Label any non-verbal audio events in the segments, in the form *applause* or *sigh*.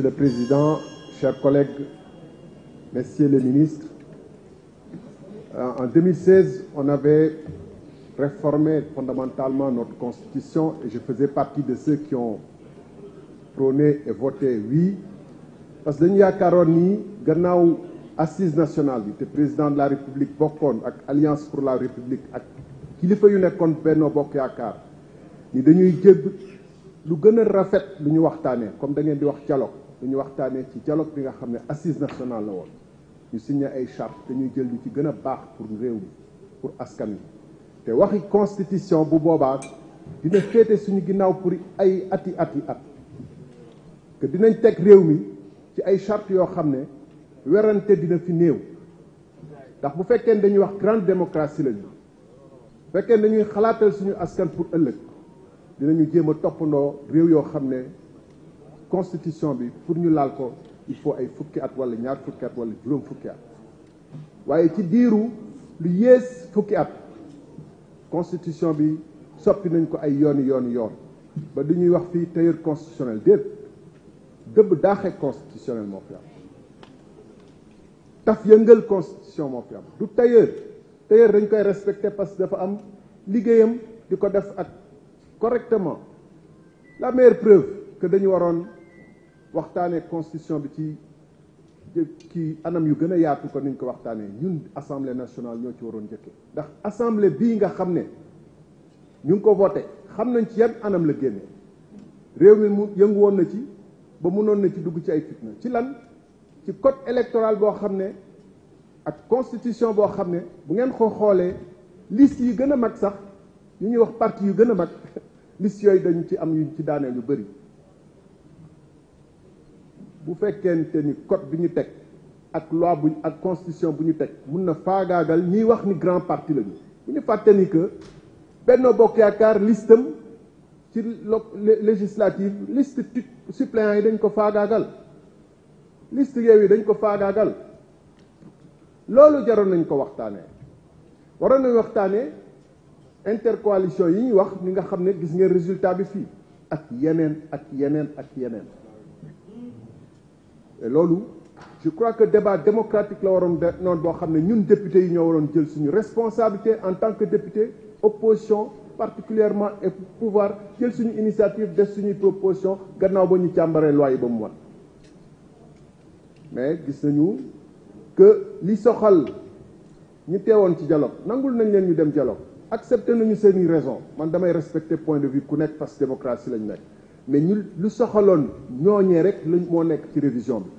Monsieur le Président, chers collègues, messieurs les ministres, euh, en 2016, on avait réformé fondamentalement notre Constitution et je faisais partie de ceux qui ont prôné et voté oui parce que dañu yaakaaroon ni gannaaw assise nationale bi te président de la république bokkoon ak alliance pour la république ak kilifa yu nekkoon Benno Bokk Yaakaar ni dañuy jëb lu gën a rafet lu ñu waxtaanee comme da ngeen di wax dialogue lu ñu waxtaanee ci dialogue bi nga xam ne assise nationale la woon ñu signé ay charte dañuy jël ñu ci gën a baax pour réew mi pour askan wi te waxi constitution bu boobaa dina féete suñu ginnaaw pour ay ati ati at que dinañ teg réew mi ci ay charte yoo xam ne werante dina fi néew ndax bu fekkee ne dañuy wax grande démocratie la ñu bu fekkee dañuy xalaatal suñu askan pour ëllëg dinañu jéem a toppandoo réew yoo xam ne constitution bi pour ñu laal ko il faut ay fukki at wala ñaar fukki at wala juróom fukki at waaye ci diiru lu yées fukki at constitution bi soppi nañ ko ay yooni yooni yoon ba du ñuy wax fii tailleur constitutionnel déet dëbb daaxe constitutionnel moo fi am taf yëngal constitution moo fi am du tailleur tailleur dañ koy respecté parce que dafa am liggéeyam di ko def ak correctement la meilleure preuve que dañu waroon waxtaanee constitution bi ci ci anam yu gën a yaatu ko nañ ko waxtaanee ñun assemblée nationale ñoo ci waroon njëkkee ndax assemblée bii nga xam ne ñu ngi ko voté xam nañ ci yan anam la génnee réew mi mu yëngu woon na ci ba munoon na ci dugg ci ay fitna ci lan ci code électoral boo xam ne ak constitution boo xam ne bu ngeen ko xoolee liste yi gën a mag sax ñu ñuy wax parti yu gën a mag *laughs* liste yooyu dañu ci am yu ñu ci daanee lu bëri bu fekkente ni code bi ñu teg ak loi bu ak constitution bu ñu teg mun na faagaagal ñiy wax ni grand parti la ñu bu ñu fàtte ni que Benno Bokk Yaakaar listam ci lo législative liste suppléants yi dañ ko faagaagal liste yeew yi dañ ko faagaagal loolu jaroon nañ ko waxtaanee waroon nañ waxtaanee intercoalition yi ñuy wax ni nga xam ne gis ngeen résultat bi fii ak yeneen ak yeneen ak yeneen loolu je crois que débat démocratique la waroon de noonu boo xam ne ñun député yi ñoo waroon jël suñu responsabilité en tant que député opposition particulièrement et pouvoir jël suñu initiative def suñuy proposition gannaaw ba ñu càmbaree loi yi ba mu war mais gis nañu que li soxal ñu teewoon ci dialogue nangul nañ leen ñu dem dialogue accepté nañu seeni raison man damay respecter point de vue ku nekk parce que démocratie lañ nekk mais ñu lu soxaloon ñooñee rek lañ moo nekk ci révision bi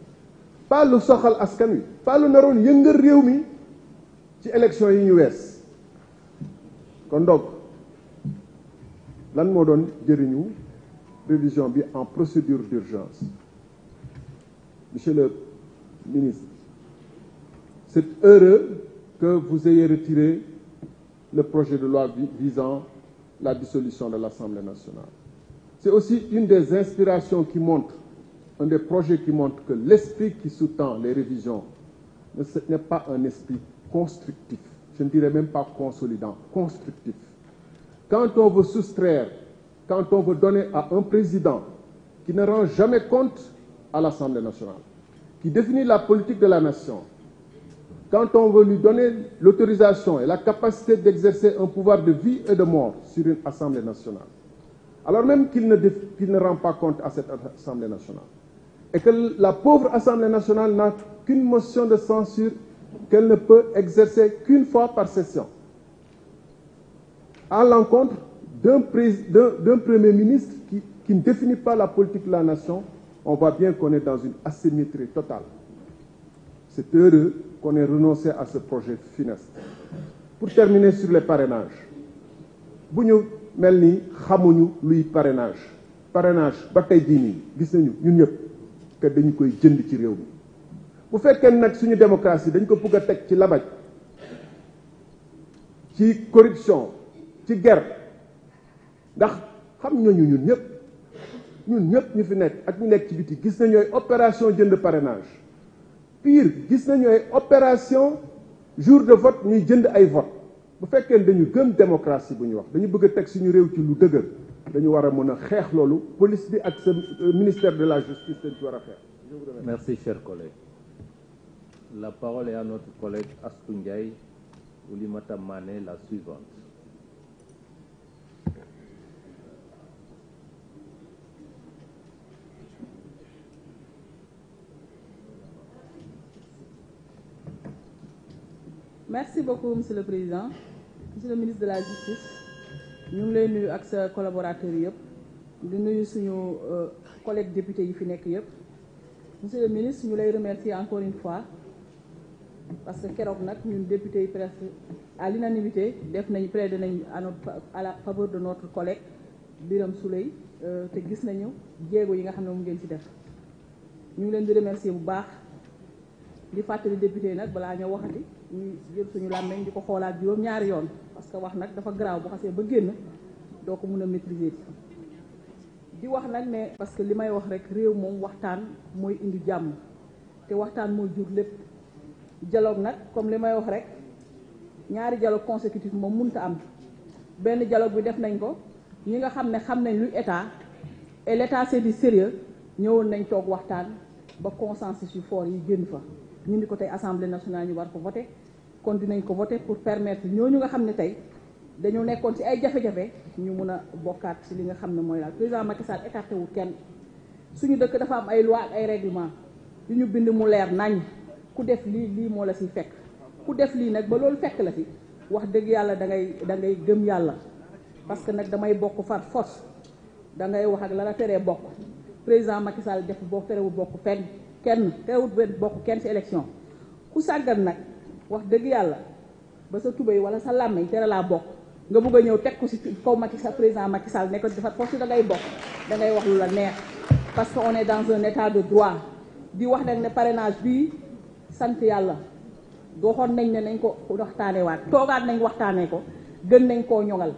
pas lu soxal askan wi pas lu naroon yëngal réew mi ci élection yi ñu wees kon donc lan moo doon jëriñu révision bi en procédure d'urgence monsieur le ministre c'est heureux que vous ayez retiré le projet de loi visant la dissolution de l'Assemblée nationale C'est aussi une des inspirations qui montre, un des projets que l'esprit qui sous-tend les révisions n'est pas un esprit constructif, je ne dirais même pas consolidant, constructif. Quand on veut soustraire, quand on veut donner à un président qui ne rend jamais compte à l'Assemblée nationale, qui définit la politique de la nation, quand on veut lui donner l'autorisation et la capacité d'exercer un pouvoir de vie et de mort sur une Assemblée nationale, alors même qu'il ne, qu'il ne rend pas compte à cette Assemblée nationale. Et que la pauvre Assemblée nationale n'a qu'une motion de censure qu'elle ne peut exercer qu'une fois par session. À l'encontre d'un Premier ministre qui, qui ne définit pas la politique de la nation, on voit bien qu'on est dans une asymétrie totale. C'est heureux qu'on ait renoncé à ce projet funeste. Pour terminer sur les parrainages, mel ni xamuñu luy parenage parenage ba tey jii gis nañu ñun ñëpp que dañu koy jënd ci réew mi bu fekkee nag suñu démocratie dañ ko bëgg a teg ci labaj ci corruption ci guerre ndax xam nañu ñun ñëpp ñun ñëpp ñu fi nekk ak ñu nekk ci biti gis nañu ay opération jënd parrainage pire gis nañu ay opération jour de vote ñuy jënd ay vote bu fekkee dañu gëm démocratie bu ñu wax dañu bëgg a teg suñu réew ci lu dëgër dañu war a mën a xeex loolu police bi ak sa euh, ministère de la justice dañ ci war a xeex. merci cher collègue la la suivante. Merci beaucoup, Monsieur le Président. monsieur le ministre de la justice ñu ngi lay nuyu ak sa collaborateurs yëpp di nuyu suñu euh, collègues députés yi fi nekk yëpp monsieur le ministre ñu lay remercier encore une fois parce que keroog nag ñun députés yi presque à l'unanimité def nañ plaidé nañ à notre à la faveur de notre collègue Birame Souleye euh, te gis nañu jéego yi nga xam ne moom ngeen ci def ñu ngi leen di remercier bu baax di fàttali député yi nag balaa ñoo waxati ñuy jël suñu làmmeñ di ko xoolaat juróom-ñaari yoon parce que wax nag dafa garaaw bu xasee ba génn doo ko mun a maîtriser di wax nag ne parce que li may wax rek réew moom waxtaan mooy indi jàmm te waxtaan mooy jur lépp dialogue nag comme li may wax rek ñaari dialogue consécutif moom mënta am benn dialogue bi def nañ ko ñi nga xam ne xam nañ luy état et l' état c'est sérieux ñëwoon nañ toog waxtaan ba consensus yu fort yi génn fa ñu ni ko tey assemblée nationale ñu war ko voté kon dinañ ko voté pour permettre ñu nga xam ne tey dañoo nekkoon si ay jafe-jafe ñu mun a bokkaat si li nga xam ne mooy daal président Macky Sall écarté wu kenn suñu dëkk dafa am ay loi ay règlement lu ñu bind mu leer nañ ku def lii lii moo la si fekk ku def lii nag ba loolu fekk la si wax dëgg yàlla da ngay da ngay gëm yàlla parce que nag damay bokk far force da ngay wax ak lala la teree bokk président Macky Sall def boo terewul bokk fenn kenn teewut benn bokk kenn ci élection ku sàggan nag wax dëgg yàlla ba sa tubéy wala sa làmmiñ tere laa bokk nga bugg ñëw teg ko ci kaw Macky Sall président Macky Sall ne ko dafa force da ngay bokk da wax lu la neex parce que on est dans un état de droit di wax nag ne parrainage bi sant yàlla doxoon nañ ne nañ ko waxtaanee waat toogaat nañ waxtaanee ko gën nañ koo ñoŋal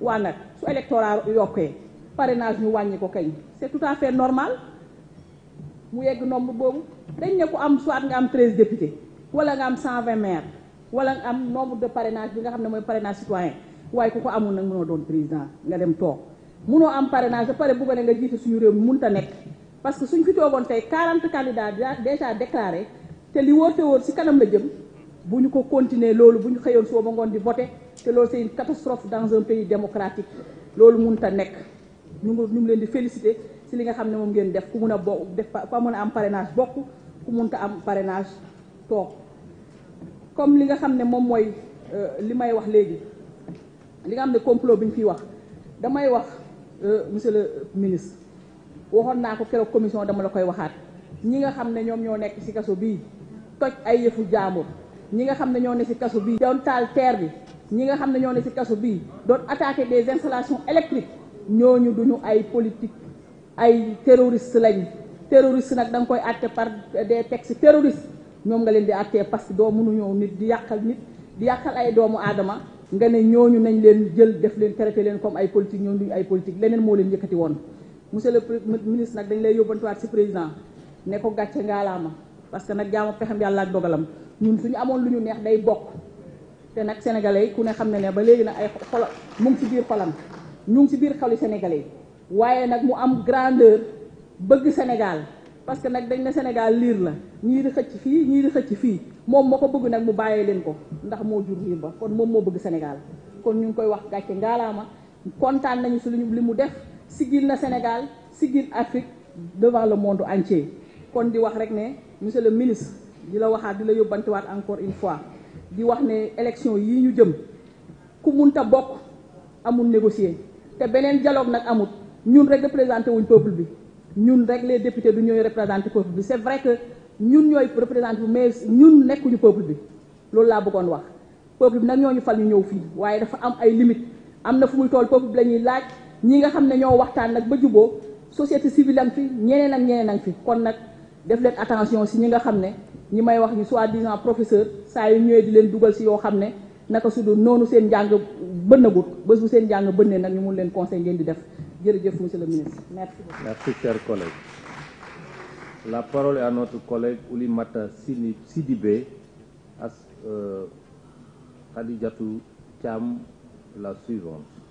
waa nag su électorat yokkee parrainage ñu wàññi ko kay c'est tout à fait normal mu yegg nombre boobu dañ ne ku am soit nga am treize députés wala nga am cent vingt maire wala nga am nombre de parrainage bi nga xam ne mooy parrainage citoyen waaye ku ko amul nag mënoo doon président nga dem toog mënoo am parrainage ba pare bugg ne nga jiite suñu réew mi mënut nekk parce que suñ fi toogoon tey quarante candidats déjà déclarés te li wóor te wóor si kanam la jëm bu ñu ko continuer loolu bu ñu xëyoon soo ba ngoon di voter te loolu c'est une catastrophe dans loolu mënut nekk ñu ñu ngi leen di féliciter li nga xam ne moom ngeen def ku mun a bo def fa mun a am parrainage bokk ku munta am parrainage toog comme li nga xam ne moom mooy euh, li may wax léegi li nga xam ne complot bi ñu fiy wax damay wax euh, monsieur le ministre waxoon naa ko keroog commission dama la koy waxaat ñi nga xam ne ñoom ñoo nekk ci kaso bii toj ay yëfu jaambur ñi nga xam ne ñoo ne ci kaso bii doon taal terre bi ñi nga xam ne ñoo ne ci kaso bii doon attaquer des installations électriques ñooñu duñu ay politique ay terroriste lañ terroriste nag da koy àtte par des textes terroristes ñoom nga leen di àttee parce que doo mënuñoo nit di yàqal nit di yàqal ay doomu aadama nga ne ñooñu nañ leen jël def leen traité leen comme ay politique ñoom duñu ay politique leneen moo leen yëkkati woon monsieur le ministre nag dañ lay yóbbantuwaat si président ne ko gàcce ngaalaama parce que nag jaama pexem yàlla ak dogalam ñun suñu amoon lu ñu neex day bokk te nag sénégalais ku ne xam ne ne ba léegi nag ay xol mu ngi si biir xolam ñu ngi si biir xoli sénégalais yi waaye nag mu am grandeur bëgg Sénégal parce que nag dañ ne Sénégal liir la ñii xëcc fii ñii di xëcc fii moom moo ko bëgg nag mu bàyyee leen ko ndax moo jur liir ba kon moom moo bëgg Sénégal kon ñu ngi koy wax gàcce ngaalaama kontaan nañu si li mu def sigil na Sénégal sigil Afrique devant le monde entier kon di wax rek ne monsieur le ministre di la waxaat di la yóbbantiwaat encore une fois di wax ne élection yii ñu jëm ku munta bokk amul négocier te beneen dialogue nag amut ñun rek représenté wuñ peuple bi ñun rek les députés du ñooy représenté peuple bi c'est vrai que ñun ñooy représenté bu mais ñun nekkuñu peuple bi loolu laa bëggoon wax peuple bi nag ñoo ñu fal ñu ñëw fii waaye dafa am ay limites am na fu muy tool peuple bi la laaj ñi nga xam ne ñoo waxtaan nag ba juboo société civile am fi ñeneen ak ñeneen ak fi kon nag def leen attention si ñi nga xam ne ñi may wax ñu soi-disant professeur saa yu ñëwee di leen dugal si yoo xam ne naka su dul noonu seen njàng bënnagut bés bu seen njàng bënnee nag ñu mun leen conseil ngeen di def jërëjëf monsieur le ministre merci beaucoup. la parole à notre collègue Oulimata Sidibé as euh, Khadijatou Thiam la suivante